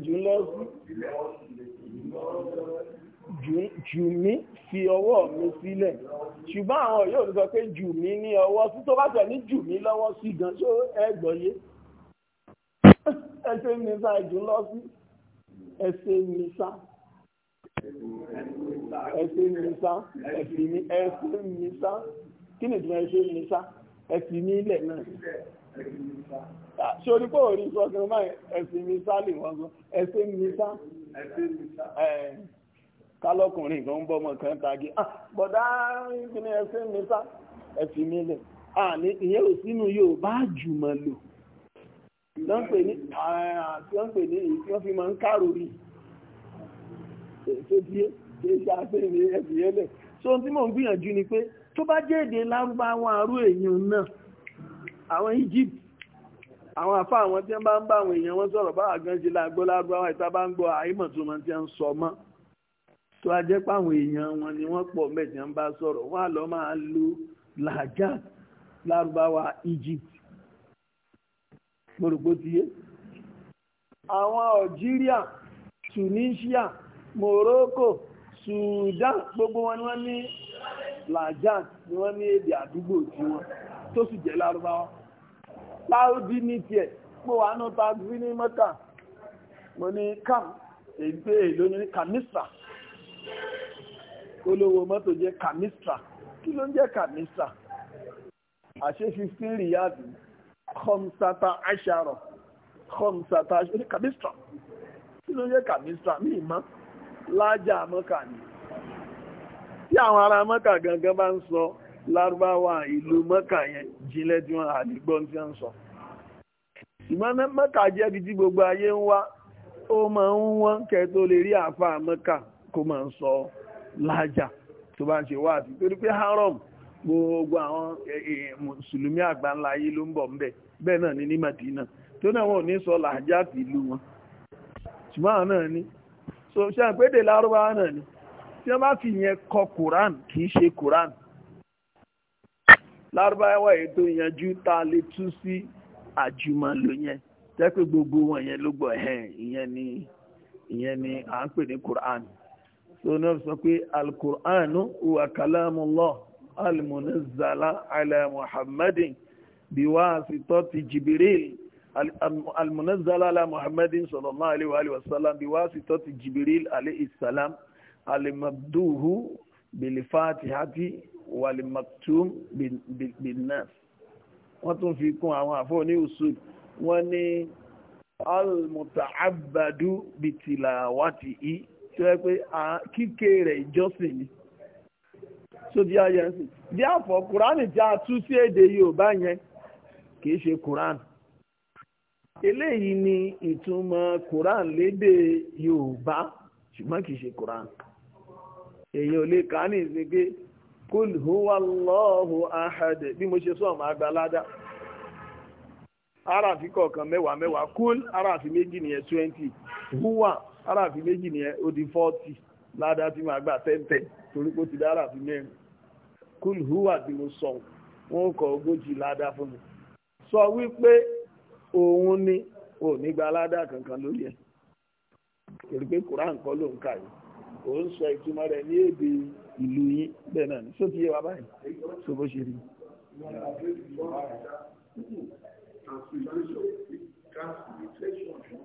jù lọ jù mí fi ọwọ́ mi sílẹ̀ ṣùgbọ́n àwọn yóò sọ pé jù mí ní ọwọ́ sí tó bá tẹ̀ ní jù mí lọ́wọ́ sí gan ṣó ẹgbọ̀yé ẹsẹ̀ mi sá jù lọ sí ẹsẹ̀ mi sá ẹsẹ̀ mi sá ẹsẹ̀ mi sá kí ni ìtumọ̀ ẹsẹ̀ mi sá ẹsẹ̀ náà. Ah, ṣe orí pé orí sọ gan máa ẹ̀sìn mi sá lè wọ́n gan ẹ̀sìn mi sá kálọ́kùnrin kan ń bọ́mọ kan tagi bọ̀dá ìpínlẹ̀ ẹ̀sìn mi sá ẹ̀sìn mi lẹ̀ ah, ìyẹn ò sínú yóò bá jùmọ̀ lò wọ́n pè ní àti wọ́n pè ní tí wọ́n fi máa ń káròrí èso díẹ̀ kí ṣe àfihàn ẹ̀sìn yẹn lẹ̀ so ohun tí mò ń gbìyànjú ni pé tó bá àwọn Egypt àwọn afá àwọn tí wọ́n bá ń bá àwọn èèyàn wọn sọ̀rọ̀ báwa gan ṣe lágbó lárúbáwá ìta bá ń gbọ́ àìmọ̀ tó máa ti ń sọ mọ́ tó a pé àwọn èèyàn wọn ni wọ́n pọ̀ mẹ́tì ń bá sọ̀rọ̀ wọ́n lọ máa lo làjà lárúbáwá Egypt gbòrògbò ti yé àwọn Algeria Tunisia Morocco Sudan gbogbo wọn ni wọ́n ní làjà ni wọ́n ní èdè àdúgbò tiwọn tó sì jẹ́ lárúbáwá. sáúdí ní tiẹ̀ mo wà nù taxi ní mọ́tà mo ní cam ègbé èlò kàmísà olówó mọ́tò jẹ́ kàmísà kí ló ń jẹ́ kàmísà àṣé fifteen riyadu khamsata ashara khamsata ashara kàmísà kí ló ń jẹ́ kàmísà lájà mọ́kà tí àwọn ará mọ́kà bá ń sọ lárúbáwà ìlú mọ́kà yẹn jílẹ̀ tí wọ́n àdìgbọ́n tí wọ́n sọ ìmọ̀nà mọ́kà jẹ́ bí tí gbogbo ayé ń wá ó máa ń wọ́n kẹ́ tó lè rí àfà mọ́kà kó máa ń sọ lájà tó bá ń ṣe wá àti torí pé haram gbogbo àwọn e, e, mùsùlùmí àgbáńlá ayé ló ń bọ̀ ńbẹ̀ bẹ́ẹ̀ náà ni ní Madina tó náà wọn ò ní sọ làjà àti ìlú wọn ṣùgbọ́n náà ni so ṣe àpédè lárúbáwá náà ni tí wọ́n bá fi yẹn kọ Quran kì í ṣe Quran lárúbáwá èyí tó yanjú tá a lè tú sí àjùmọ̀ ló yẹn jẹ́ pé gbogbo wọn yẹn ló gbọ́ ẹ̀hẹ́n ìyẹn ni ìyẹn ni à ń pè ní Qur'an so náà sọ pé al-Qur'an huwa kalamullah al-munazzala ala Muhammadin biwasitati Jibril al-munazzala ala Muhammadin sallallahu alayhi wa sallam biwasitati Jibril alayhi salam al-mabduhu bil walimaktum binnas wọ́n tún fi kún àwọn àfọ́ ní usul wọ́n ní almutaabadu bitilawati i tó yẹ pé kíké rẹ̀ ìjọsìn ni so di ayé ń sìn bí àfọ̀ kùránì já tú sí èdè Yorùbá yẹn kì í ṣe kùránì eléyìí ni ìtumọ̀ kùránì lédè Yorùbá ṣùgbọ́n kì ṣe kùránì èèyàn ò lè kà á kul huwa Allahu ahad bí mo ṣe sọ ọmọ agbálada aráàfi kọ̀ọ̀kan mewa mewa kul aráàfi meji nìyẹn twenty huwa aráàfi meji nìyẹn di forty ládá ti ma gba torí pé ó ti dá kul huwa mo sọ wọn ogójì ládá sọ wípé ohun ni o n'igba gba kankan lori ìlú yín bẹ́ẹ̀ náà ní sóti yé wa báyìí so bó ṣe rí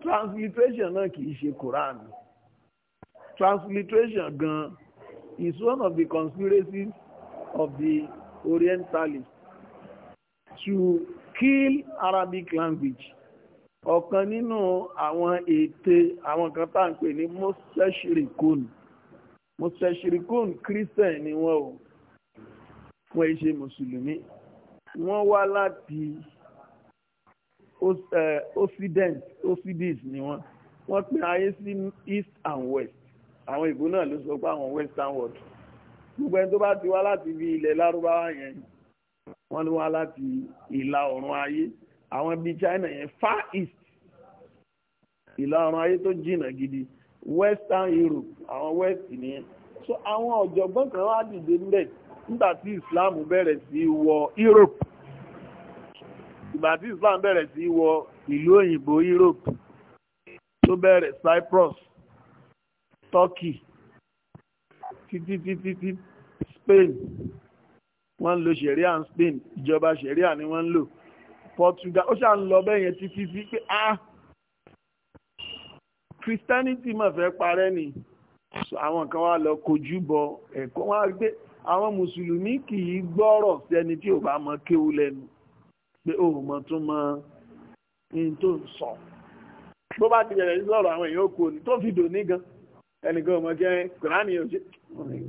transliteration náà kì í ṣe Quran transliteration gan is one of the conspiracies of the Orientalists to kill Arabic language ọ̀kan nínú àwọn ète àwọn kan tá à ń pè ní moseshrikun mùsùlùmí kírísítẹ̀n ni wọ́n o wọ́n ṣe mùsùlùmí wọ́n wá láti eh, occident occidis ni wọ́n wọ́n pín ayé sí east and west àwọn ìbò náà ló sọ pé àwọn western world gbogbo ẹni tó bá ti wá láti ibi ilẹ̀ lárúbáwá yẹn wọ́n ló wá láti ìlà oòrùn ayé àwọn bíi china yẹn far east ìlà oòrùn ayé tó jìnnà gidi western europe àwọn west nìyẹn so àwọn ọ̀jọ̀gbọ́n kan wá dìde ńbẹ̀ nígbà tí islam bẹ̀rẹ̀ sí wọ europe ìgbà tí islam bẹ̀rẹ̀ sí wọ ìlú òyìnbó europe tó bẹ̀rẹ̀ cyprus turkey títí títí tí spain wọ́n ń lo sharia spain ìjọba sharia ni wọ́n ń lò portugal ó ṣà ń lọ bẹ́yẹn títí sí pé ah Christianity mà fẹ́ parẹ́ ni àwọn kan wá lọ kojú bọ ẹ̀kọ́ wá gbé àwọn mùsùlùmí kì í gbọ́rọ̀ sẹ́ni tí ò bá mọ kéwú lẹ́nu pé o mọ̀ tún mọ ní tó ń sọ bó bá ti bẹ̀rẹ̀ sọ̀rọ̀ àwọn èèyàn kò ní tó fi dò ní gan ẹnìkan ọmọ jẹ́ kùránì ọ̀ṣẹ́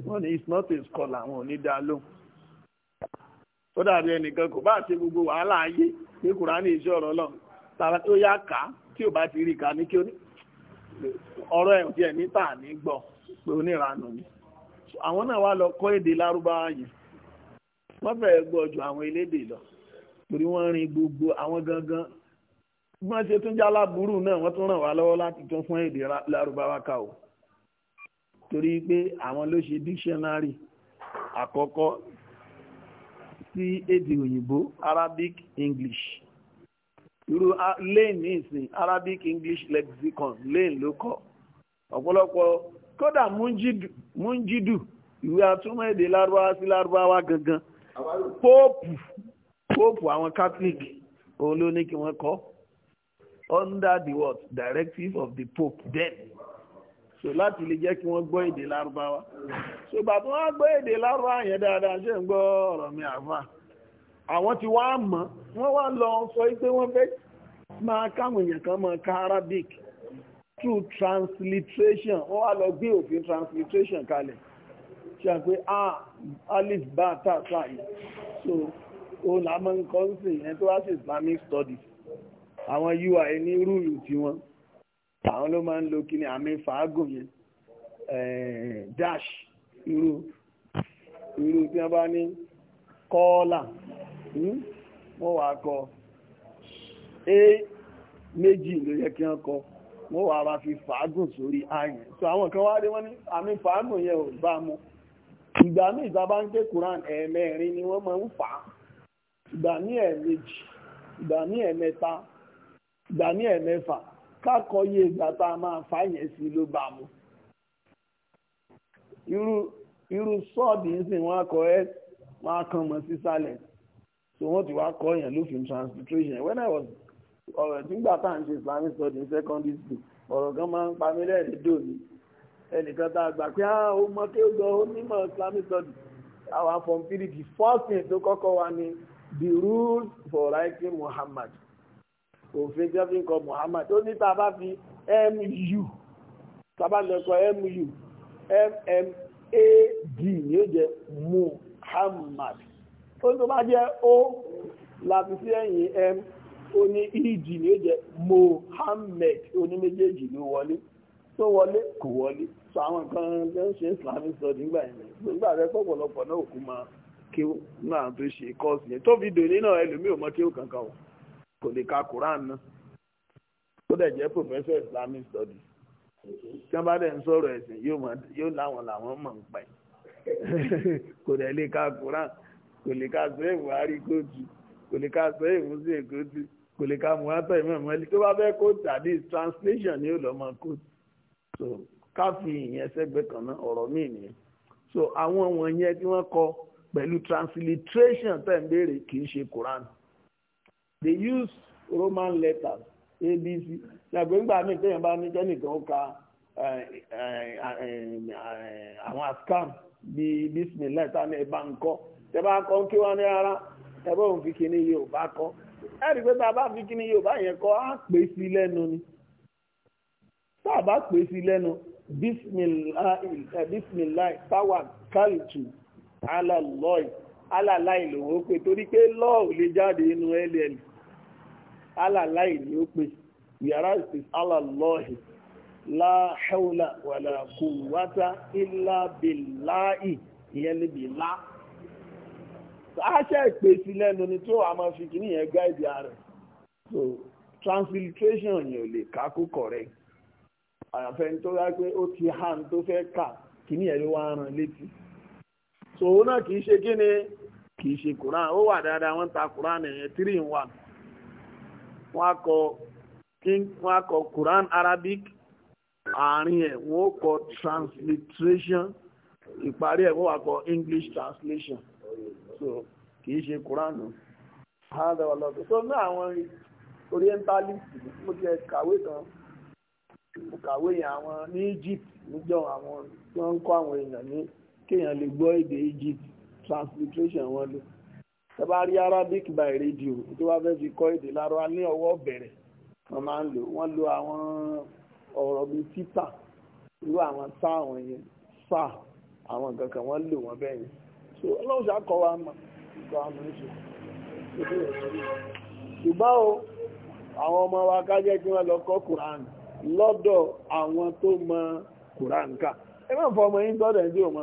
wọ́n ní it's not a scholar àwọn òní dá lóhùn ó dàbí ẹnìkan kò bá ṣe gbogbo wàhálà ayé ní kùránì iṣẹ́ ọ̀rọ̀ lọ tàbí yá kà tí ò bá ti rí kà ní kí ó ní ọ̀rọ̀ ẹ̀ díẹ̀ níta ní gbọ́ pé oníranù ni àwọn náà wá lọ kọ́ èdè lárúbáwá yìí wọ́n fẹ́ẹ́ gbọ́ ju àwọn elédè lọ torí wọ́n rin gbogbo àwọn gangan bí wọ́n ṣe tún já láburú náà wọ́n tún ràn wá lọ́wọ́ láti tún fún èdè lárúbáwá ká o torí pé àwọn ló ṣe dictionary àkọ́kọ́ sí èdè òyìnbó Arabic English irú ah, lane ní ìsìn Arabic English lexicon lane ló kọ ọ̀pọ̀lọpọ̀ kódà múnjídù ìwé àtúmọ̀ èdè lárúbáwá sí lárúbáwá gangan póòpù póòpù àwọn Catholic òun ló ní kí wọ́n kọ́ under the what directive of the Pope then so láti lè jẹ́ kí wọ́n gbọ́ èdè lárúbáwá so bàbá wọn gbọ́ èdè lárúbáwá yẹn dáadáa ṣe ń gbọ́ ọ̀rọ̀ mi àfáà àwọn ti wá mọ̀ wọ́n wá lọ sọ pé wọ́n fẹ́ máa káwọn èèyàn kan máa ka Arabic through transliteration wọ́n wá lọ gbé òfin transliteration kalẹ̀ ṣe à pé a alif bá tà sáyé so òun là máa ń kọ́ ń sìn yẹn tó wá sí Islamic studies àwọn UI ní rúùlù tiwọn àwọn ló máa ń lo kí ni àmì fàágùn yẹn dash irú irú tí wọ́n bá ní kọ́ọ́là wọ́n wá kọ a méjì ló yẹ kí wọ́n kọ wọ́n wá wá fi fàágùn sórí ààyàn so àwọn kan wá rí wọ́n ní àmì fàágùn yẹn ò bá mu ìgbà mí tá a bá ń ké Quran ẹ̀ẹ̀mẹrin ni wọ́n máa ń fà á ìgbà ní ẹ̀ẹ̀mejì ìgbà ní ẹ̀ẹ̀mẹta ìgbà ní ẹ̀ẹ̀mẹfà kákọ̀ọ́yé ìgbà tá a máa fà yẹn sí ló bá mu irú irú sọ́ọ̀dì ń sìn wọ́n akọ ẹ́ wọ́n akọ mọ̀ sísàlẹ̀ so wọ́n ti wá kọ́ yẹn lófin transliteration when i was ọ̀rọ̀ nígbà tá à ń ṣe islamic study in secondary school ọ̀rọ̀ kan máa ń pa mí lẹ́ẹ̀dí dòní ẹnìkan tá a gbà pé ah ó mọ kí ó gan ó nímọ̀ islamic study our form three the first thing tó kọ́kọ́ wá ni the rules for writing muhammad òfin tí wọ́n fi ń kọ muhammad ó ní tá a bá fi mu tá a bá lọ kọ mu mmaad ni ó jẹ muhammad ó ní tó bá jẹ́ ó láti sí ẹ̀yìn m ó ní ed ní ó jẹ́ Mohammed oní méjèèjì ló wọlé tó wọlé kò wọlé so àwọn kan ló ń ṣe Islamic study nígbà yẹn nígbà rẹ pọ̀pọ̀lọpọ̀ náà òkú máa kí náà tó ṣe kọ́ọ̀sì yẹn tó fi dòní náà ẹlòmíì ò mọ kí ó kankan wọ̀ kò lè ka Quran náà ó dẹ̀ jẹ́ professor Islamic studies tí wọ́n bá dẹ̀ ń sọ̀rọ̀ ẹ̀sìn yóò láwọn làwọn mọ̀ ń pẹ̀ kò dẹ̀ lè ka Quran kò lè ká sọ èèwù àárí kóòtù kò lè ká sọ èèwù sí èkóòtù kò lè ká muhata ìmọ̀ọ́mọ́ ẹni tó bá fẹ́ kóòtù àdí translation ni ó lọ́ mọ kóòtù so ká fi ìyẹn sẹ́gbẹ́ kan náà ọ̀rọ̀ míì nìyẹn so àwọn wọ̀nyẹn tí wọ́n kọ pẹ̀lú transliteration tẹ̀ ń béèrè kì í ṣe Quran they use Roman letters abc ṣàgbé ńgbà míì téèyàn bá ní kẹ́nìkan ó ka àwọn ascam bíi bismillah tani ẹ̀ bá ń kọ́ tẹ́bá kọ kí wọ́n ní rárá tẹ́bá òun fi kíní Yorùbá kọ́ ẹ̀rí pé a bá fi kíní Yorùbá yẹn á pè sí ni tá a bá pè sí lẹ́nu bisimilayi táwa kálítù alàlọ́ì alàláì lòun ó pè torí pé lọ́ọ̀ ò lè jáde inú ll pè yàrá ìsìn wàlàkùn bìláì ìyẹn níbi láà. aṣẹ́ ìpèsè lẹ́nu ni tó a máa fi kìíní yẹn gá ìdí ara so yio yẹn ò lè kákó correct àyàfẹ́ tó yá pé ó ti hàn tó fẹ́ kà kìíní yẹn ló wá rán létí so òun náà kìí ṣe kíni kìí ṣe Quran ó wà dáadáa wọ́n ta Quran yẹn three in one wọ́n á kọ wọ́n á kọ Quran Arabic àárín ẹ̀ wọ́n kọ transliteration ìparí ẹ̀ wọ́n wà kọ English translation. so kìí ṣe kuranu hada ọlọ́dọ̀ so ní àwọn orientalist mo ti kàwé kan mo kàwé yẹn àwọn ní Egypt níjọ àwọn tí wọ́n ń kọ́ àwọn èèyàn ní kéèyàn lè gbọ́ èdè Egypt transliteration wọn lò tẹ́bá rí Arabic by radio tí wọ́n fẹ́ fi kọ́ èdè lárọ́ ní ọwọ́ bẹ̀rẹ̀ wọ́n máa ń lò wọ́n lo àwọn ọ̀rọ̀ bíi títà irú àwọn sáà wọ̀nyẹn sáà àwọn kankan wọ́n lò wọ́n bẹ́ẹ̀ yẹn. ọlọ́run ṣàkọwà mma ìkọ̀ àmì ìṣòro ṣùgbọ́n o àwọn ọmọ wa kájẹ́ kí wọ́n lọ kọ́ Quran lọ́dọ̀ àwọn tó mọ Quran ká ẹ máa fọ ọmọ yín gbọ́dọ̀ ẹ̀dí ọmọ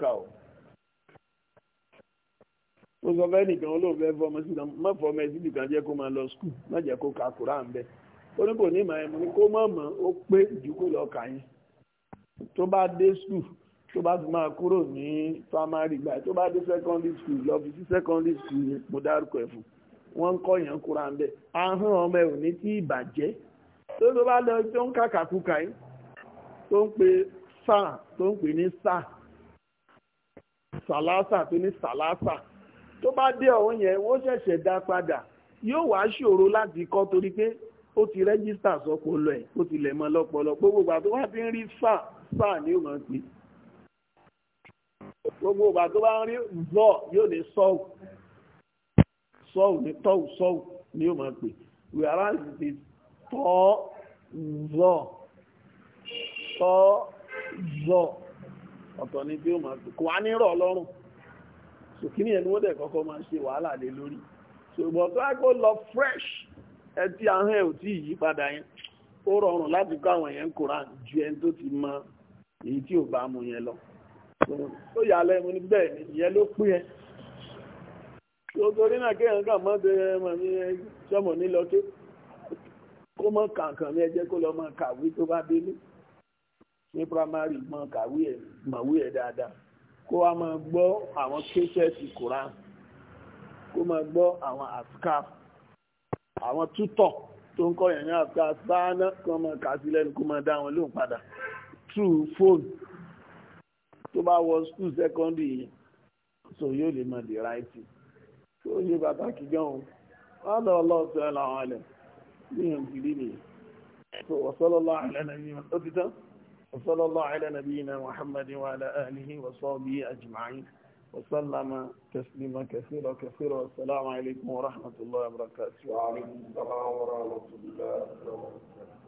ká o ó sọ fẹ́ nìkan olóòfẹ́ fọmọ sí má jẹ́ kó lọ skul má jẹ́ kó ka bẹ́ẹ̀ ó ní kò ní ìmọ̀ kó mọ̀ ó pé tó bá fi máa kúrò ní primary gbà tó bá dé secondary school lọ fi sí secondary school yẹn mo dárúkọ ẹ̀ fún wọ́n ń kọ́ yẹn kúra ń bẹ̀ ahọ́n ọmọ ẹ̀ ò ní tí ìbàjẹ́ tó tó bá lọ tó ń kàkàkùkà yìí tó ń pe sáà tó ń pè ní sáà sàlásà tó ní sàlásà tó bá dé ọ̀hún yẹn wọ́n ṣẹ̀ṣẹ̀ dá padà yóò wá ṣòro láti kọ́ torí pé ó ti rẹ́gísítà sọ́pọ̀ lọ ẹ̀ ó ti lẹ̀ mọ́ lọ́pọ̀lọpọ̀ gbogbo àti wọ́n ti ń rí sáà sáà ní òun gbogbo ìgbà tó bá ń rí zọ yóò ní sọ́ọ̀ sọ́ọ̀ ní tọ́ọ̀ sọ́ọ̀ ni yóò máa pè whereas it is tọ́ zọ tọ́ zọ ọ̀tọ̀ ni tí ó máa pè kò wá ní rọ̀ lọ́rùn sòkínì ẹni wọ́n dẹ̀ kọ́kọ́ máa ṣe wàhálà lé lórí ṣùgbọ́n tó kó lọ fresh ẹtí ahọ́n ẹ̀ ò tí ì yípadà yẹn ó rọrùn láti kọ́ àwọn yẹn Kùránì ju ẹni tó ti mọ èyí tí ò bá mu yẹn lọ tó yà lẹ́nu ní bẹ́ẹ̀ ni ìyẹn ló pín ẹ torí náà kéèyàn kàn mọ́ bẹ ẹmọ mi sọmọ ní lọ́tẹ́ kó mọ́ kàǹkàn mi ẹ jẹ́ kó lọ mọ́ kàwé tó bá délé ní primary mọ́ kàwé ẹ̀ mọ̀wé ẹ̀ dáadáa kó wá máa gbọ́ àwọn kéṣẹ́ẹ̀tì Kùránì kó máa gbọ́ àwọn àsìkáà àwọn tútọ̀ tó ń kọ́ yẹn ní àsìkáà sáánà kó máa kà sí lẹ́nu kó máa dá wọn lóhùn padà through phone tó bá wọ school secondary yẹn so yóò lè mọ the right thing tó yẹ pàtàkì gan-an wọn lọ ọlọ́ọ̀tún ẹ̀ làwọn ẹlẹ̀ níyàn gidi nìyẹn so wasallallahu ala nabiyyina ó ti tán wasallallahu ala nabiyyina muhammadin wa ala alihi wa sahbihi ajma'in وسلم تسليما كثيرا كثيرا والسلام عليكم ورحمة الله وبركاته وعليكم السلام ورحمة الله وبركاته